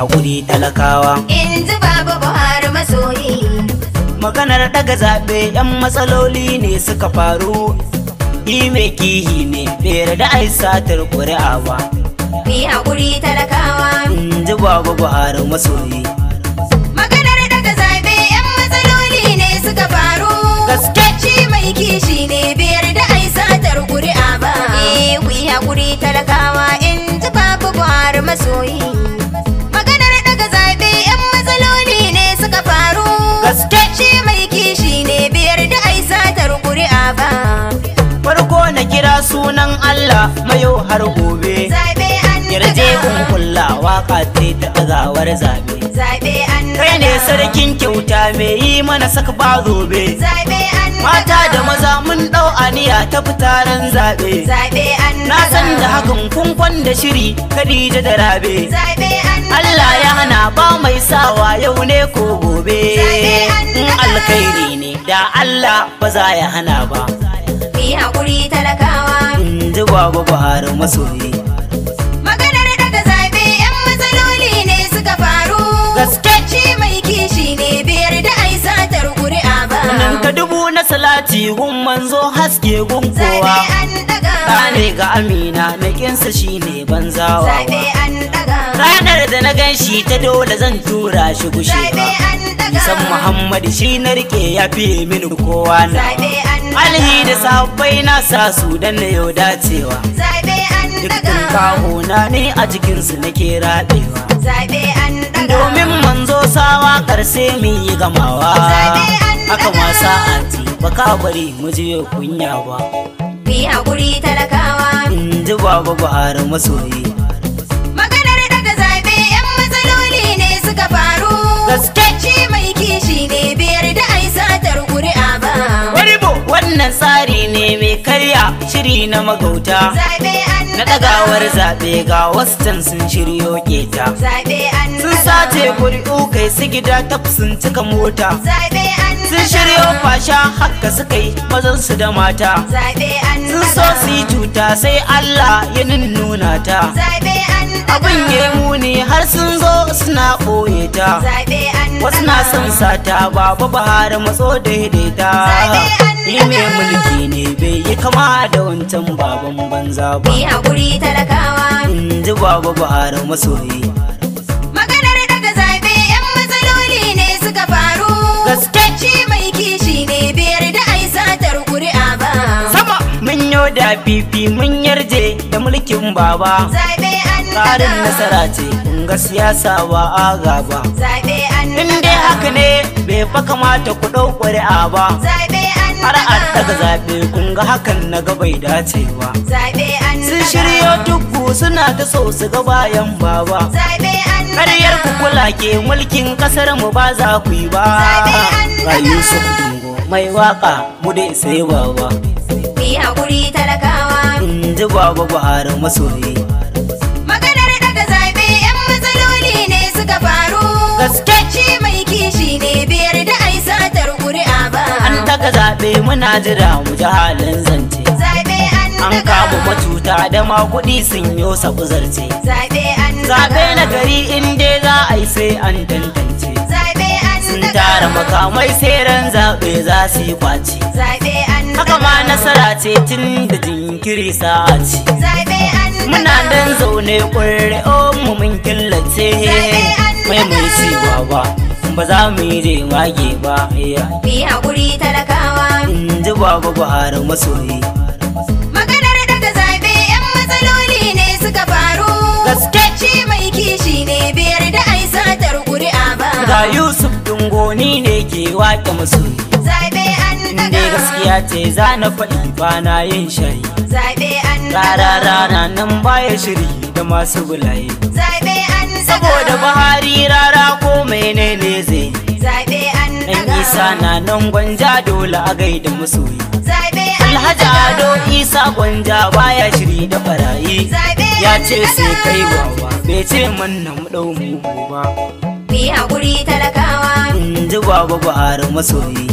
hakuri talakawa. In ji Baba Buhari masoyi. Maganar daga zaɓe 'yan matsaloli ne suka faru. yi mai kihi ne bai da ai satar ƙuri'a ba. Bi hakuri talakawa. In ji Baba Buhari masoyi. Maganar daga zaɓe 'yan matsaloli ne suka faru. Gaske. ci mai kishi ne bai da ai satar ƙuri'a ba. Eh ku yi talakawa in ji Baba Buhari masoyi. sunan Allah mayo har gobe zabe an yarje in kulla waka ce ta azawar zabe zabe an kai ne sarkin kyauta me yi mana saka ba zobe zabe an mata da maza mun dau aniya ta fitaran zabe zabe an na san da hakan kun da shiri Khadija da Rabe zabe an Allah ya hana ba mai sawa yau ne ko gobe zabe an alkhairi ne da Allah ba za ya hana ba yi hakuri talakawa in ji gwagwa buhari masoyi maganar daga zaɓe yan matsaloli ne suka faru gaske mai kishi ne biyar da ai satar ƙuri'a ba nan ka dubu na salati gun manzo haske gun kowa zabe an daga ne ga amina na kinsa shine banzawa zabe an daga ranar da na gan shi ta dole zan tura shi gushe san muhammad shi na rike ya fi mini kowa na alhi da sabai na sa su dan na yau dacewa dukkan kawo na ne a jikinsu nake rabewa domin manzo sawa karse mi yi gamawa haka wasa ti baka bari mu je kunya ba mi hakuri talakawa in ji baba buhari masoyi wannan tsari ne mai karya shiri na magauta na dagawar zaɓe ga wastan sun shiryo keta sun sace kuri'u kai su gida tab sun cika mota sun shiryo fasha haka suka yi mazansu da mata sun so su yi cuta sai allah ya nunnuna ta abin ya muni har sun zo suna ɓoye ta wasu na son sata baba bahar matso daidaita ni mai mulki ne bai yi kama da wancan baban banza ba yi hakuri talakawa in ji baba bahar masoyi maganar daga zabe yan matsaloli ne suka faru gaskaci mai kishi ne bai yarda ai satar ƙuri'a ba sama mun yau da fifi mun yarje da mulkin baba zabe an nasara ce kun ga siyasa a gaba zabe in dai haka ne bai fa kamata ku ɗau ƙuri'a ba har an daga zaɓe kun ga hakan na ga bai dace ba sun shirya dukku suna ta so su ga bayan baba ƙaryar ku kula ke mulkin ƙasar mu ba za ku yi ba ga yusuf mai waka mu dai sai baba ku yi haƙuri talakawa in ji baba buhari masoyi aka zaɓe muna jira mu ji halin zance an kawo matuta da ma kuɗi sun yo sabu zarce zaɓe na gari in dai za a yi sai an tantance sun tara makamai sai ran zaɓe za su yi kwace haka ma nasara ce tun da jinkiri sa'a ce muna dan zaune ƙwararre mu mun killace mai mai ci ba ba za mu yi je mage ba iya bi hakuri talakawa in ji baba buhari masoyi maganar daga zaɓe. yan matsaloli ne suka faru gaske mai kishi ne biyar da ai satar ƙuri'a ba ga yusuf dungoni ne ke waƙe masoyi zabe an daga gaskiya ce za na faɗi ba na yin shari zabe an rara rana nan baya shiri da masu bulaye zabe an saboda buhari isa na nan gwanja dole a gaida masoyi alhaji ado isa gwanja baya shiri da barayi ya ce sai kai wawa bai ce mun nan mu dau mu ba ku hakuri talakawa in ji baba buhari masoyi